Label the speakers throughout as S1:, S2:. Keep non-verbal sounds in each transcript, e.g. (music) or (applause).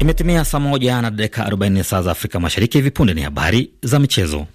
S1: Imetimia saa moja na dakika 40 saa za Afrika Mashariki. Hivi punde ni habari za michezo.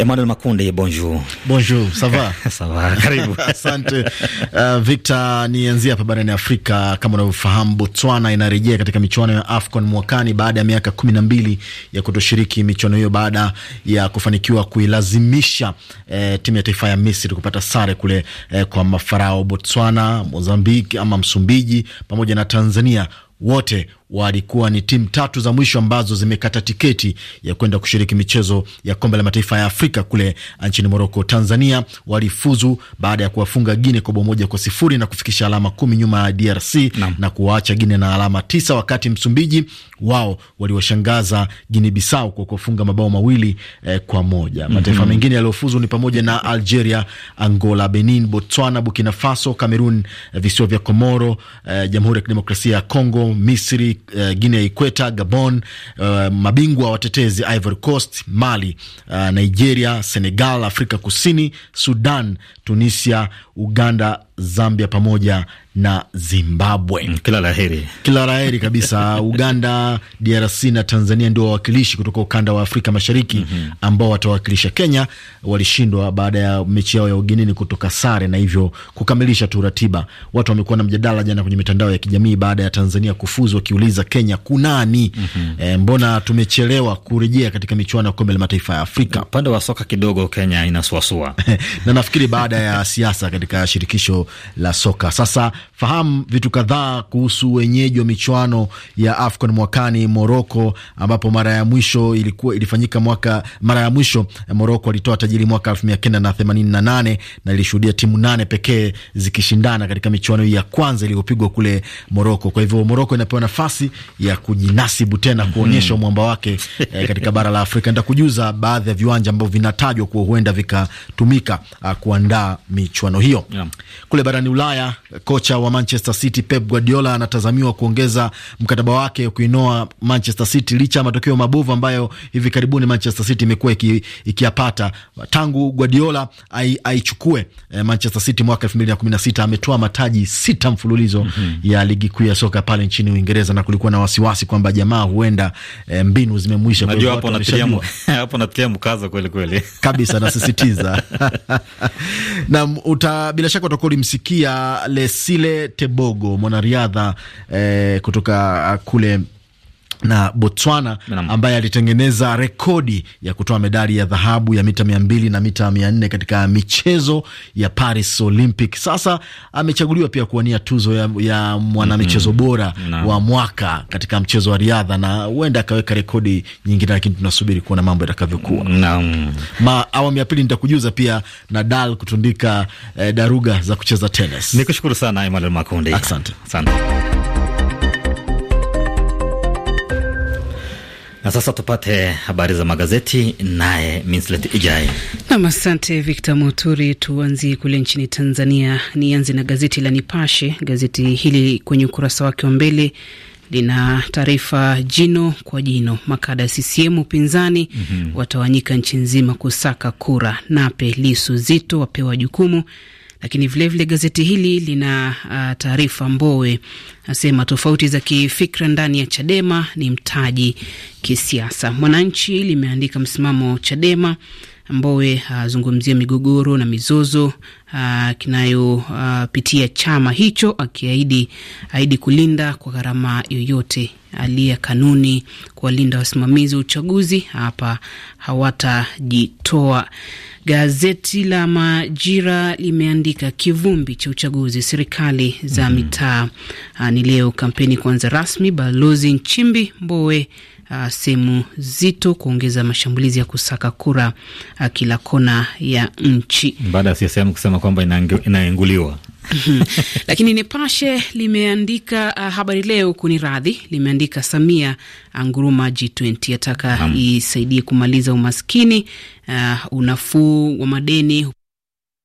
S1: Emmanuel Makunde, bonjour. Bonjour, ça va? (laughs) ça va. Karibu. (laughs) Asante.
S2: Uh, Victor, nianzie hapa barani Afrika. Kama unavyofahamu, Botswana inarejea katika michuano ya AFCON mwakani baada ya miaka kumi na mbili ya kutoshiriki michuano hiyo baada ya kufanikiwa kuilazimisha eh, timu ya taifa ya Misri kupata sare kule eh, kwa mafarao. Botswana, Mozambique ama Msumbiji pamoja na Tanzania wote walikuwa ni timu tatu za mwisho ambazo zimekata tiketi ya kwenda kushiriki michezo ya kombe la mataifa ya Afrika kule ah, nchini Moroko. Tanzania walifuzu baada ya kuwafunga Guine kwa bao moja kwa sifuri na kufikisha alama kumi nyuma ya DRC na, na kuwaacha Guine na alama tisa, wakati Msumbiji wao waliwashangaza Guine Bisau kwa kuwafunga mabao mawili eh, kwa moja. Mhm. Mataifa mengine mm -hmm. yaliyofuzu ni pamoja na Algeria, Angola, Benin, Botswana, Burkina Faso, Cameroon, eh, visiwa vya Komoro, eh, Jamhuri ya Kidemokrasia ya Kongo, Misri, uh, Guinea Ikweta, Gabon, uh, mabingwa watetezi Ivory Coast, Mali, uh, Nigeria, Senegal, Afrika Kusini, Sudan, Tunisia, Uganda Zambia pamoja na Zimbabwe. Mm, kila la heri, kila la heri kabisa. (laughs) Uganda, DRC na Tanzania ndio wawakilishi kutoka ukanda wa Afrika Mashariki mm -hmm. ambao watawakilisha. Kenya walishindwa baada ya mechi yao ya ugenini kutoka sare na hivyo kukamilisha tu ratiba. Watu wamekuwa na mjadala jana kwenye mitandao ya kijamii baada ya Tanzania kufuzu, wakiuliza Kenya kunani? mm -hmm. E, mbona tumechelewa kurejea katika michuano ya kombe la mataifa ya Afrika? Upande wa soka kidogo Kenya inasuasua (laughs) na nafikiri baada ya siasa katika shirikisho la soka. Sasa fahamu vitu kadhaa kuhusu wenyeji wa michuano ya AFCON mwakani Moroko, ambapo mara ya mwisho ilikuwa ilifanyika mwaka mara ya mwisho eh, Moroko alitoa tajiri mwaka 1988 na ilishuhudia timu nane pekee zikishindana katika michuano hii ya kwanza iliyopigwa kule Moroko. Kwa hivyo Moroko inapewa nafasi ya kujinasibu tena kuonyesha hmm. mwamba wake eh, katika bara la Afrika. Nitakujuza baadhi ya viwanja ambavyo vinatajwa kuwa huenda vikatumika ah, kuandaa michuano hiyo yeah. Kule barani Ulaya, kocha wa Manchester City Pep Guardiola anatazamiwa kuongeza mkataba wake kuinoa Manchester City licha ya matokeo mabovu ambayo hivi karibuni Manchester City imekuwa ikiyapata tangu Guardiola aichukue ai eh, Manchester City mwaka 2016 ametoa mataji sita mfululizo mm -hmm. ya ligi kuu ya soka pale nchini Uingereza, na kulikuwa na wasiwasi kwamba jamaa huenda eh, mbinu zimemwisha. Najua hapo anatilia
S1: (laughs) hapo anatilia mkazo kweli kweli kabisa, nasisitiza
S2: (laughs) (laughs) na uta bila shaka utakuwa kumsikia Lesile Tebogo mwanariadha eh, kutoka ah, kule na Botswana ambaye alitengeneza rekodi ya kutoa medali ya dhahabu ya mita mia mbili na mita mia nne katika michezo ya Paris Olympic. Sasa amechaguliwa pia kuwania tuzo ya, ya mwanamichezo mm -hmm. bora na wa mwaka katika mchezo wa riadha, na huenda akaweka rekodi nyingine, lakini tunasubiri kuona mambo yatakavyokuwa. Ma awamu ya pili nitakujuza pia Nadal kutundika
S1: eh, daruga za kucheza tenis. Nikushukuru sana Emmanuel Makundi, asante. Na sasa tupate habari za magazeti naye Minslet Ijai.
S3: Nam, asante Victor Moturi. Tuanzie kule nchini Tanzania. Nianze na gazeti la Nipashe. Gazeti hili kwenye ukurasa wake wa mbele lina taarifa jino kwa jino, makada ya CCM upinzani mm -hmm. watawanyika nchi nzima kusaka kura. Nape Lisu Zito wapewa jukumu lakini vilevile vile gazeti hili lina uh, taarifa Mbowe asema tofauti za kifikra ndani ya Chadema ni mtaji kisiasa. Mwananchi limeandika msimamo Chadema Mbowe ah, azungumzia migogoro na mizozo ah, kinayopitia ah, chama hicho, akiahidi ahidi kulinda kwa gharama yoyote aliya kanuni kuwalinda wasimamizi wa uchaguzi hapa hawatajitoa. Gazeti la Majira limeandika kivumbi cha uchaguzi serikali za mm -hmm. mitaa ni leo, kampeni kuanza rasmi. Balozi Nchimbi Mbowe uh, ah, sehemu zito kuongeza mashambulizi ya kusaka kura uh, kila kona
S1: ya nchi baada ya CCM kusema kwamba inaenguliwa.
S3: (laughs) Lakini Nipashe limeandika uh, habari leo radhi limeandika Samia anguruma G20 ataka isaidie kumaliza umaskini, uh, unafuu wa madeni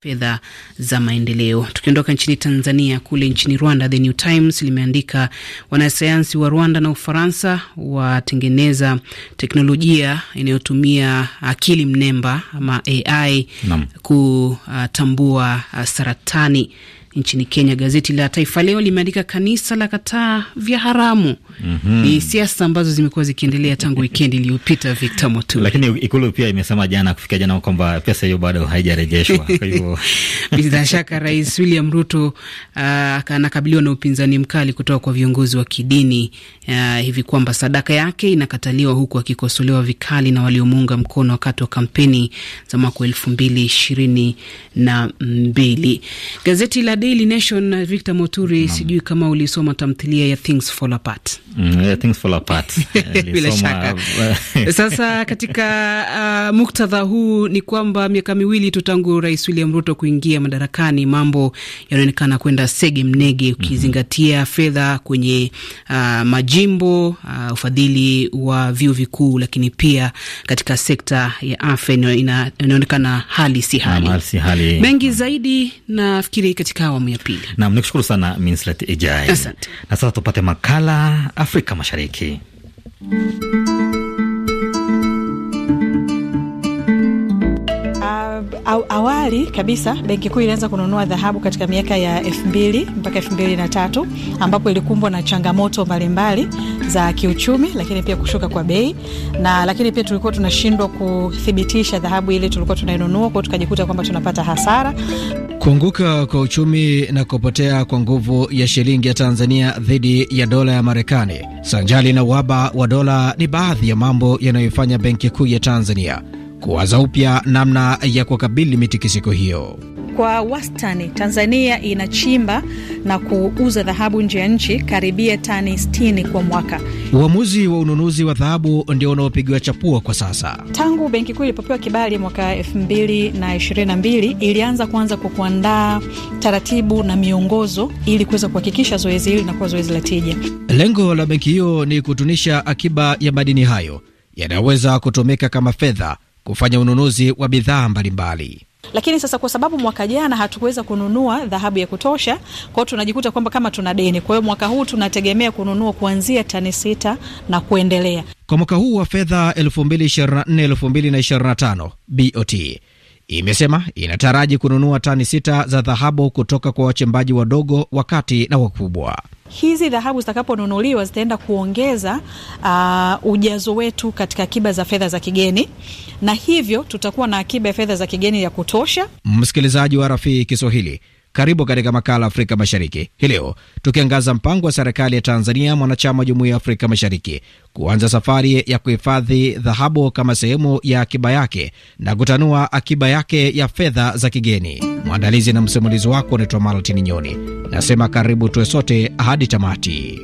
S3: fedha za maendeleo. Tukiondoka nchini Tanzania, kule nchini Rwanda, The New Times limeandika wanasayansi wa Rwanda na Ufaransa watengeneza teknolojia inayotumia akili mnemba ama AI Nam. kutambua uh, saratani Nchini Kenya, gazeti la Taifa Leo limeandika kanisa la kataa
S1: vya haramu. mm -hmm. Ni siasa ambazo zimekuwa zikiendelea tangu wikendi iliyopita, Victor Motu. Lakini ikulu pia imesema jana, kufikia jana, kwamba pesa hiyo bado haijarejeshwa. Kwa hivyo (laughs)
S3: bila shaka Rais William Ruto uh, anakabiliwa uh, na upinzani mkali kutoka kwa viongozi wa kidini uh, hivi kwamba sadaka yake inakataliwa, huku akikosolewa vikali na waliomuunga mkono wakati wa kampeni za mwaka elfu mbili ishirini na mbili. Gazeti la Daily Nation, uh, Victor Moturi, mm. Sijui kama ulisoma tamthilia ya Things Fall Apart.
S1: Mm, yeah, Things Fall Apart. (laughs) Eh, Bila shaka. (laughs) Sasa
S3: katika uh, muktadha huu ni kwamba miaka miwili tu tangu Rais William Ruto kuingia madarakani, mambo yanaonekana kwenda sege mnege, ukizingatia mm -hmm. fedha kwenye uh, majimbo uh, ufadhili wa vyuo vikuu, lakini pia katika sekta ya afya inaonekana hali si
S1: hali mengi
S3: zaidi, nafikiri katika awamu ya
S1: pili. Nam, nikushukuru sana Minslet Ijai. Asante. Na sasa tupate makala Afrika Mashariki.
S4: Awali kabisa benki kuu ilianza kununua dhahabu katika miaka ya elfu mbili mpaka elfu mbili na tatu ambapo ilikumbwa na changamoto mbalimbali za kiuchumi, lakini pia kushuka kwa bei na lakini pia tulikuwa tunashindwa kuthibitisha dhahabu ile tulikuwa tunainunua kwao, tukajikuta kwamba tunapata hasara.
S5: Kuanguka kwa uchumi na kupotea kwa nguvu ya shilingi ya Tanzania dhidi ya dola ya Marekani sanjali na uhaba wa dola ni baadhi ya mambo yanayoifanya Benki Kuu ya Tanzania kuwaza upya namna ya kukabili mitikisiko hiyo.
S4: Kwa wastani, Tanzania inachimba na kuuza dhahabu nje ya nchi karibia tani 60 kwa mwaka.
S5: Uamuzi wa ununuzi wa dhahabu ndio unaopigiwa chapua kwa
S4: sasa. Tangu Benki Kuu ilipopewa kibali mwaka 2022 ilianza kwanza kwa kuandaa taratibu na miongozo ili kuweza kuhakikisha zoezi hili linakuwa zoezi la tija.
S5: Lengo la benki hiyo ni kutunisha akiba ya madini hayo yanayoweza kutumika kama fedha kufanya ununuzi wa bidhaa mbalimbali.
S4: Lakini sasa kwa sababu mwaka jana hatukuweza kununua dhahabu ya kutosha, kwa hiyo tunajikuta kwamba kama tuna deni. Kwa hiyo mwaka huu tunategemea kununua kuanzia tani sita na kuendelea
S5: kwa mwaka huu wa fedha 2024 2025 BOT imesema inataraji kununua tani sita za dhahabu kutoka kwa wachimbaji wadogo, wakati na wakubwa.
S4: Hizi dhahabu zitakaponunuliwa zitaenda kuongeza uh, ujazo wetu katika akiba za fedha za kigeni, na hivyo tutakuwa na akiba ya fedha za kigeni ya kutosha.
S5: Msikilizaji wa Rafii Kiswahili, karibu katika makala Afrika Mashariki hii leo, tukiangaza mpango wa serikali ya Tanzania mwanachama wa jumuiya ya Afrika Mashariki kuanza safari ya kuhifadhi dhahabu kama sehemu ya akiba yake na kutanua akiba yake ya fedha za kigeni. Mwandalizi na msimulizi wako unaitwa Maltini Nyoni, nasema karibu tuwe sote hadi tamati.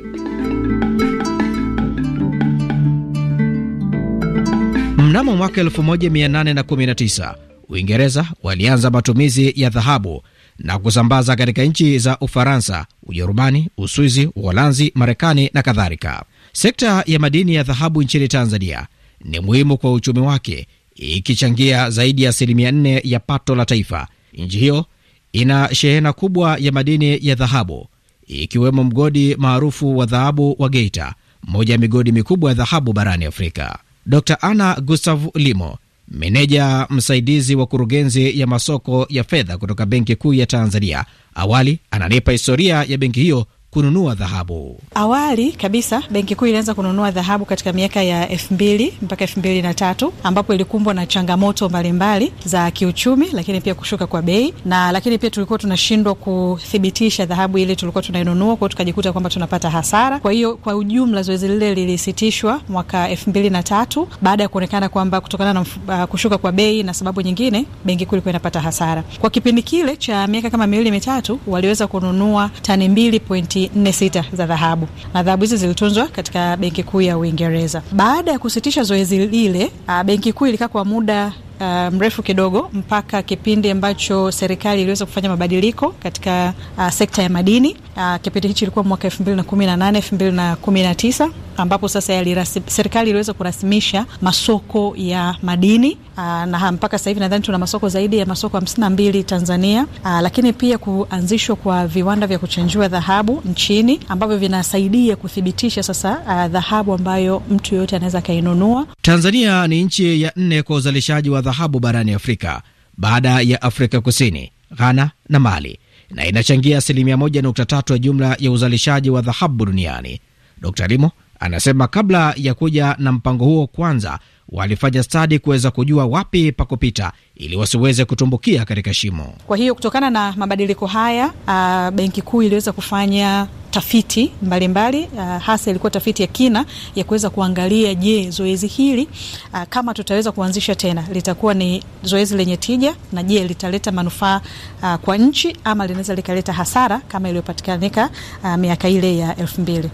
S5: Mnamo mwaka 1819 Uingereza walianza matumizi ya dhahabu na kusambaza katika nchi za Ufaransa, Ujerumani, Uswizi, Uholanzi, Marekani na kadhalika. Sekta ya madini ya dhahabu nchini Tanzania ni muhimu kwa uchumi wake, ikichangia zaidi ya asilimia nne ya pato la taifa. Nchi hiyo ina shehena kubwa ya madini ya dhahabu ikiwemo mgodi maarufu wa dhahabu wa Geita, moja ya migodi mikubwa ya dhahabu barani Afrika. Dr Anna Gustav Limo Meneja msaidizi wa kurugenzi ya masoko ya fedha kutoka Benki Kuu ya Tanzania awali ananipa historia ya benki hiyo kununua dhahabu.
S4: Awali kabisa Benki Kuu ilianza kununua dhahabu katika miaka ya elfu mbili mpaka elfu mbili na tatu ambapo ilikumbwa na changamoto mbalimbali za kiuchumi, lakini pia kushuka kwa bei na lakini pia tulikuwa tunashindwa kuthibitisha dhahabu ile tulikuwa tunainunua, kwao tukajikuta kwamba tunapata hasara. Kwa hiyo kwa ujumla zoezi lile lilisitishwa mwaka elfu mbili na tatu baada ya kuonekana kwamba kutokana na uh, kushuka kwa bei na sababu nyingine, Benki Kuu ilikuwa inapata hasara. Kwa kipindi kile cha miaka kama miwili mitatu, waliweza kununua tani mbili pointi noti 46 za dhahabu, na dhahabu hizi zilitunzwa katika Benki Kuu ya Uingereza. Baada ya kusitisha zoezi lile, ah, benki kuu ilikaa kwa muda Uh, mrefu kidogo mpaka kipindi ambacho serikali iliweza kufanya mabadiliko katika uh, sekta ya madini. Uh, kipindi hichi ilikuwa mwaka elfu mbili na kumi na nane elfu mbili na kumi na tisa ambapo sasa yalirasi, serikali iliweza kurasimisha masoko ya madini aa, ah, na mpaka sasa hivi nadhani tuna masoko zaidi ya masoko hamsini na mbili Tanzania aa, ah, lakini pia kuanzishwa kwa viwanda vya kuchenjua dhahabu nchini ambavyo vinasaidia kuthibitisha sasa ah, dhahabu ambayo mtu yoyote anaweza akainunua.
S5: Tanzania ni nchi ya nne kwa uzalishaji wa dhahabu barani Afrika baada ya Afrika Kusini, Ghana na Mali na inachangia asilimia 1.3 ya jumla ya uzalishaji wa dhahabu duniani. Dr. Limo Anasema kabla ya kuja na mpango huo, kwanza walifanya stadi kuweza kujua wapi pa kupita ili wasiweze kutumbukia katika shimo.
S4: Kwa hiyo kutokana na mabadiliko haya, uh, benki kuu iliweza kufanya tafiti mbalimbali mbali. Uh, hasa ilikuwa tafiti ya kina ya kuweza kuangalia je, zoezi hili uh, kama tutaweza kuanzisha tena litakuwa ni zoezi lenye tija na je litaleta manufaa uh, kwa nchi ama linaweza likaleta hasara kama iliyopatikanika uh, miaka ile ya elfu mbili.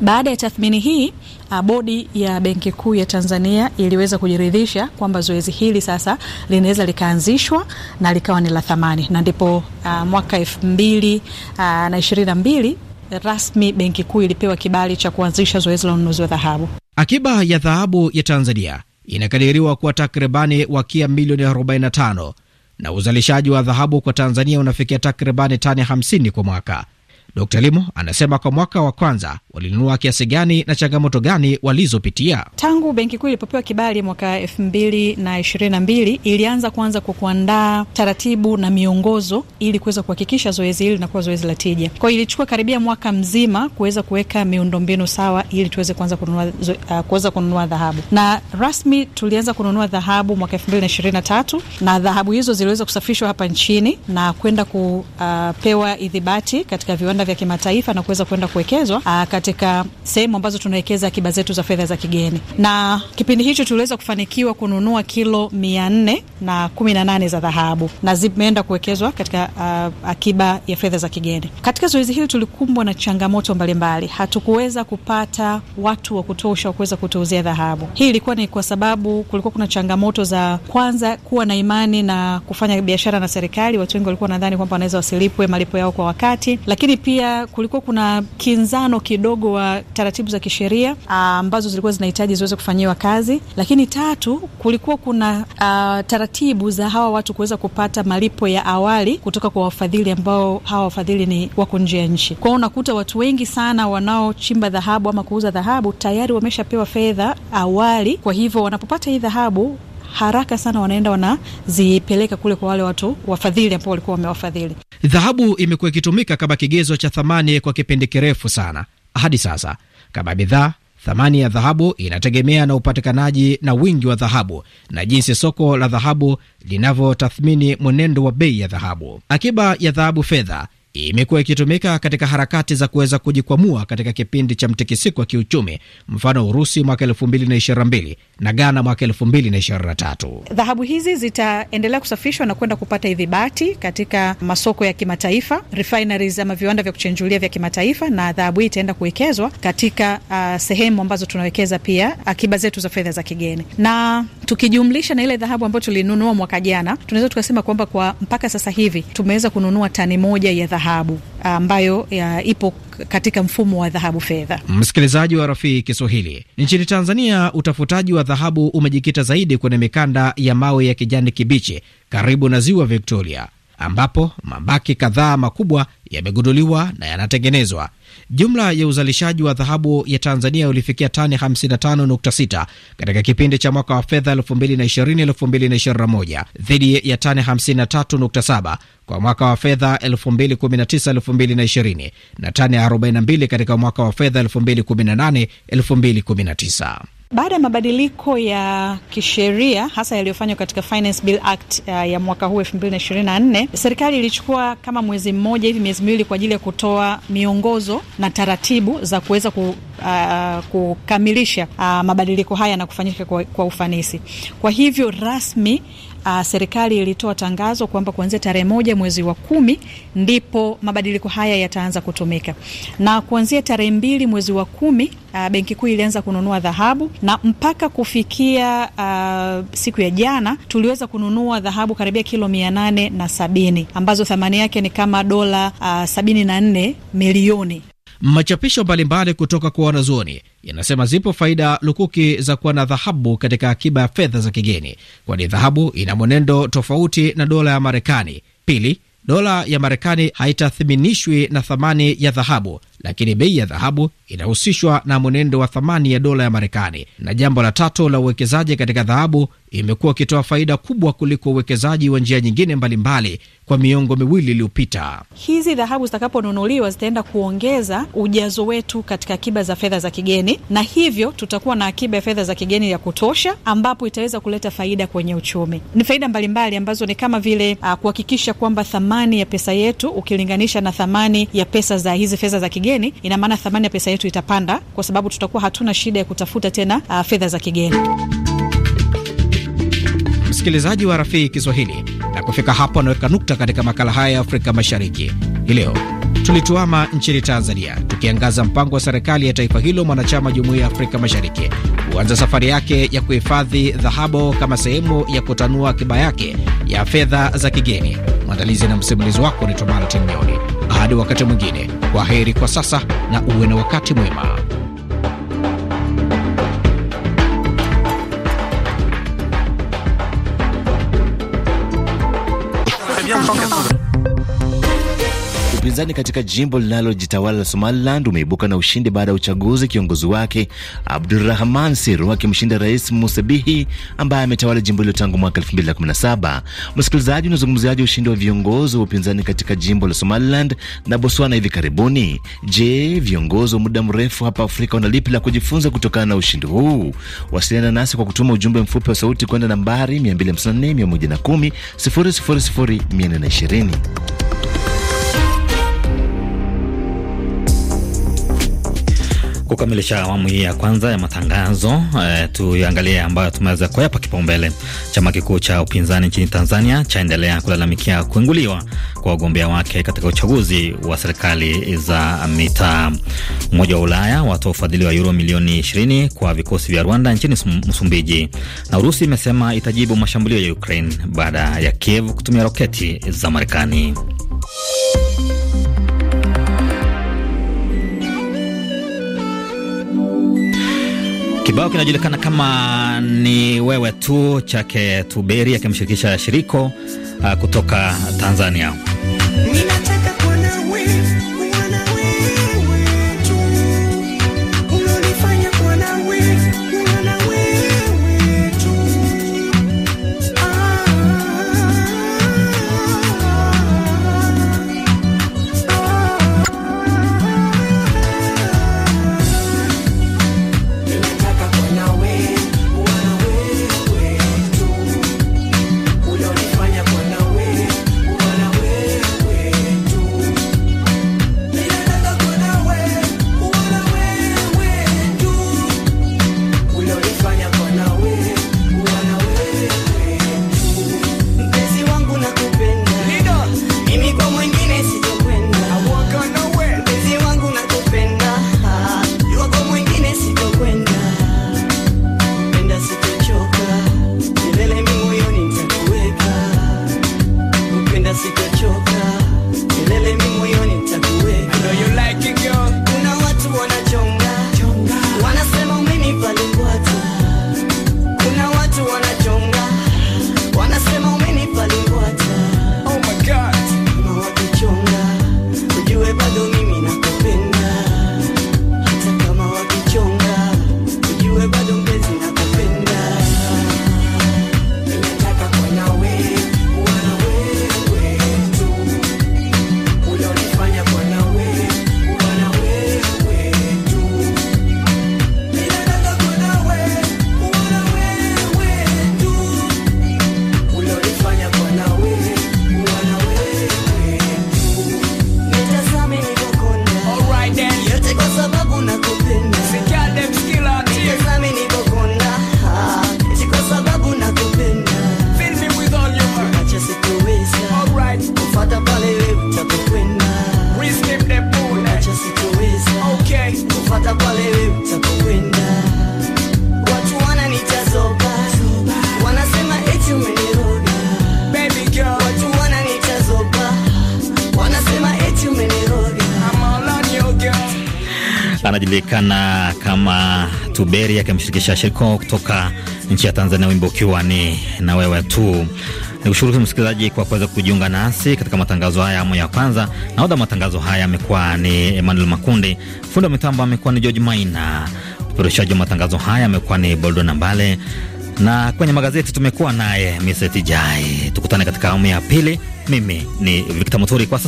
S4: Baada ya tathmini hii uh, bodi ya Benki Kuu ya Tanzania iliweza kujiridhisha kwamba zoezi hili sasa linaweza likaanzishwa na likawa ni la thamani na ndipo uh, mwaka elfu mbili uh, na ishirini na mbili rasmi Benki Kuu ilipewa kibali cha kuanzisha zoezi la ununuzi wa dhahabu.
S5: Akiba ya dhahabu ya Tanzania inakadiriwa kuwa takribani wakia milioni 45 na uzalishaji wa dhahabu kwa Tanzania unafikia takribani tani 50 kwa mwaka. Dr. Limo anasema kwa mwaka wa kwanza walinunua kiasi gani na changamoto gani walizopitia.
S4: Tangu Benki Kuu ilipopewa kibali mwaka elfu mbili na ishirini na mbili ilianza kwanza kwa kuandaa taratibu na miongozo ili kuweza kuhakikisha zoezi hili linakuwa zoezi la tija. Kwa ilichukua karibia mwaka mzima kuweza kuweka miundombinu sawa ili tuweze kuanza kununua, uh, kuweza kununua dhahabu na rasmi tulianza kununua dhahabu mwaka elfu mbili na ishirini na tatu na dhahabu hizo ziliweza kusafishwa hapa nchini na kwenda kupewa uh, idhibati katika viwanda vya kimataifa na kuweza kwenda kuwekezwa ah, katika sehemu ambazo tunawekeza akiba zetu za fedha za kigeni, na kipindi hicho tuliweza kufanikiwa kununua kilo mia nne na kumi na nane za dhahabu na zimeenda kuwekezwa katika uh, akiba ya fedha za kigeni. Katika zoezi hili tulikumbwa na changamoto mbalimbali, hatukuweza kupata watu wa kutosha wa kuweza kutuuzia dhahabu. Hii ilikuwa ni kwa sababu kulikuwa kuna changamoto za kwanza, kuwa na imani na kufanya biashara na serikali. Watu wengi walikuwa nadhani kwamba wanaweza wasilipwe malipo yao kwa wakati, lakini pia kulikuwa kuna kinzano kidogo wa taratibu za kisheria ah, ambazo zilikuwa zinahitaji ziweze kufanyiwa kazi, lakini tatu, kulikuwa kuna a, ah, taratibu za hawa watu kuweza kupata malipo ya awali kutoka kwa wafadhili ambao hawa wafadhili ni wako nje ya nchi. Kwao unakuta watu wengi sana wanaochimba dhahabu ama kuuza dhahabu tayari wameshapewa fedha awali, kwa hivyo wanapopata hii dhahabu haraka sana wanaenda wanazipeleka kule kwa wale watu wafadhili ambao walikuwa wamewafadhili.
S5: Dhahabu imekuwa ikitumika kama kigezo cha thamani kwa kipindi kirefu sana. Hadi sasa, kama bidhaa, thamani ya dhahabu inategemea na upatikanaji na wingi wa dhahabu na jinsi soko la dhahabu linavyotathmini mwenendo wa bei ya dhahabu. Akiba ya dhahabu fedha imekuwa ikitumika katika harakati za kuweza kujikwamua katika kipindi cha mtikisiko wa kiuchumi. Mfano, Urusi mwaka na Ghana mwaka tatu.
S4: Dhahabu hizi zitaendelea kusafishwa na kwenda kupata idhibati katika masoko ya kimataifa, refineries ama viwanda vya kuchenjulia vya kimataifa, na dhahabu hii itaenda kuwekezwa katika uh, sehemu ambazo tunawekeza pia akiba zetu za fedha za kigeni, na tukijumlisha na ile dhahabu ambayo tulinunua mwaka jana, tunaweza tukasema kwamba kwa mpaka sasa hivi tumeweza kununua tani moja ya dhahabu Uh, ambayo ya uh, ipo katika mfumo wa dhahabu fedha.
S5: Msikilizaji wa rafii Kiswahili, nchini Tanzania utafutaji wa dhahabu umejikita zaidi kwenye mikanda ya mawe ya kijani kibichi karibu na ziwa Victoria, ambapo mabaki kadhaa makubwa yamegunduliwa na yanatengenezwa. Jumla ya uzalishaji wa dhahabu ya Tanzania ulifikia tani 55.6 katika kipindi cha mwaka wa fedha 2020-2021 dhidi ya tani 53.7 kwa mwaka wa fedha 2019-2020 na tani 42 katika mwaka wa fedha 2018-2019.
S4: Baada ya mabadiliko ya kisheria hasa yaliyofanywa katika Finance Bill Act uh, ya mwaka huu 224 serikali ilichukua kama mwezi mmoja hivi, miezi miwili kwa ajili ya kutoa miongozo na taratibu za kuweza ku, uh, kukamilisha uh, mabadiliko haya na kufanyika kwa, kwa ufanisi. Kwa hivyo rasmi uh, serikali ilitoa tangazo kwamba kuanzia tarehe moja mwezi wa kumi ndipo mabadiliko haya yataanza kutumika, na kuanzia tarehe mbili mwezi wa kumi uh, benki kuu ilianza kununua dhahabu na mpaka kufikia uh, siku ya jana tuliweza kununua dhahabu karibia kilo mia nane na sabini ambazo thamani yake ni kama dola uh, sabini na nne milioni.
S5: Machapisho mbalimbali kutoka kwa wanazuoni yanasema zipo faida lukuki za kuwa na dhahabu katika akiba ya fedha za kigeni, kwani dhahabu ina mwenendo tofauti na dola ya Marekani. Pili, dola ya Marekani haitathiminishwi na thamani ya dhahabu lakini bei ya dhahabu inahusishwa na mwenendo wa thamani ya dola ya Marekani. Na jambo la tatu la uwekezaji katika dhahabu, imekuwa ikitoa faida kubwa kuliko uwekezaji wa njia nyingine mbalimbali mbali kwa miongo miwili iliyopita.
S4: Hizi dhahabu zitakaponunuliwa zitaenda kuongeza ujazo wetu katika akiba za fedha za kigeni, na hivyo tutakuwa na akiba ya fedha za kigeni ya kutosha, ambapo itaweza kuleta faida kwenye uchumi. Ni faida mbalimbali mbali, ambazo ni kama vile ah, kuhakikisha kwamba thamani ya pesa yetu ukilinganisha na thamani ya pesa za hizi fedha za kigeni kigeni, ina maana thamani ya pesa yetu itapanda, kwa sababu tutakuwa hatuna shida ya kutafuta tena uh, fedha za kigeni.
S5: Msikilizaji wa Rafii Kiswahili, na kufika hapo anaweka nukta katika makala haya ya Afrika Mashariki hii leo tulituama nchini Tanzania tukiangaza mpango wa serikali ya taifa hilo mwanachama jumuiya ya Afrika Mashariki kuanza safari yake ya kuhifadhi dhahabu kama sehemu ya kutanua akiba yake ya fedha za kigeni. Mwandalizi na msimulizi wako ni Martin Nyoni. Hadi wakati mwingine, kwa heri kwa sasa na uwe na wakati mwema
S2: upinzani katika jimbo linalojitawala la Somaliland umeibuka na ushindi baada ya uchaguzi, kiongozi wake Abdurahman Siru akimshinda Rais Musebihi ambaye ametawala jimbo hilo tangu mwaka 2017. Msikilizaji, unazungumziaji ushindi wa viongozi wa upinzani katika jimbo la Somaliland na Botswana hivi karibuni. Je, viongozi wa muda mrefu hapa Afrika wana lipi la kujifunza kutokana na ushindi huu? Wasiliana nasi kwa kutuma ujumbe mfupi wa sauti kwenda nambari 254 110 000 420.
S1: Kukamilisha awamu hii ya kwanza ya matangazo e, tuangalie ambayo tumeweza kuyapa kipaumbele. Chama kikuu cha upinzani nchini Tanzania chaendelea kulalamikia kuinguliwa kwa wagombea wake katika uchaguzi wa serikali za mitaa. Umoja wa Ulaya watoa ufadhili wa yuro milioni 20 kwa vikosi vya Rwanda nchini Msumbiji, na Urusi imesema itajibu mashambulio ya Ukraine baada ya Kiev kutumia roketi za Marekani. Kibao kinajulikana kama ni wewe tu chake Tuberi akimshirikisha Shiriko uh, kutoka Tanzania. anajulikana kama Tuberi akimshirikisha Shiriko kutoka nchi ya Tanzania, wimbo ukiwa ni na wewe tu. Ni kushukuru msikilizaji kwa kuweza kujiunga nasi katika matangazo haya awamu ya kwanza. Nahodha matangazo haya amekuwa ni Emmanuel Makundi, fundi wa mitambo amekuwa ni George Maina, upeperushaji wa matangazo haya amekuwa ni Boldo Nambale, na kwenye magazeti tumekuwa naye Miseti Jai. Tukutane katika awamu ya pili. Mimi ni Victor Muturi kwa sasa.